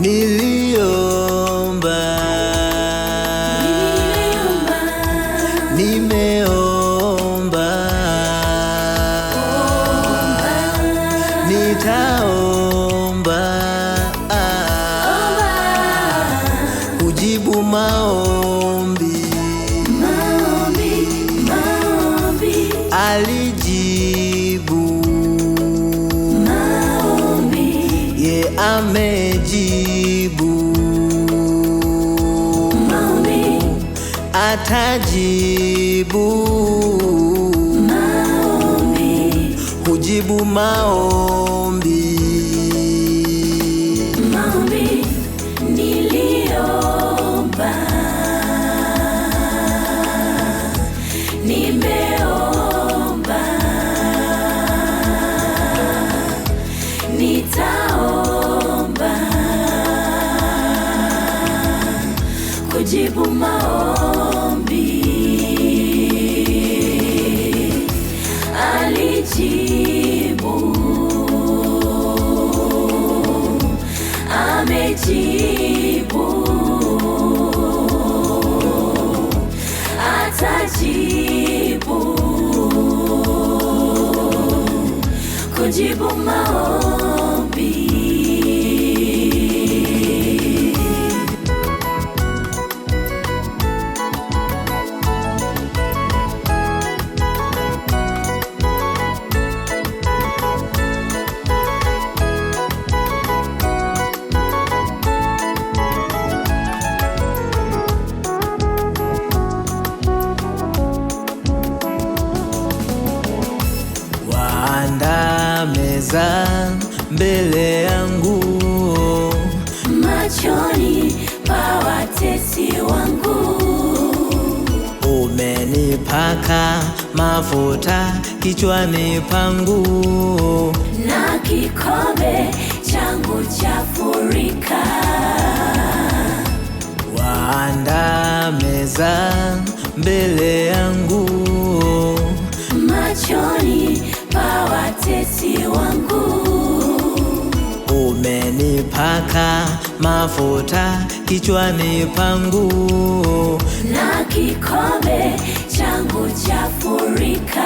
Niliomba, nimeomba, nitaomba, kujibu maombi, maombi, maombi. Alijibu maombi, ye, amen. atajibu maombi, hujibu maombi, maombi nime Jibu maombi, alijibu, amejibu, atajibu, kujibu maombi Andaa meza mbele yangu, machoni pa watesi wangu. Umenipaka mafuta kichwani pangu, na kikombe changu chafurika. Waandaa meza mbele yangu, machoni mtetezi wangu, umenipaka mafuta kichwani pangu, na kikombe changu chafurika.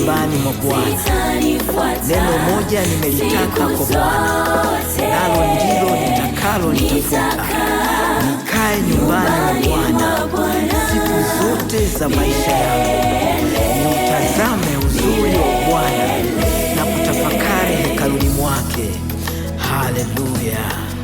nyumbani mwa Bwana. Neno moja nimelitaka kwa Bwana, nalo ndilo nitakalo nitafuta, nikae nyumbani mwa Bwana siku zote za maisha yangu, niutazame uzuri wa Bwana na kutafakari hekaluni mwake. Haleluya!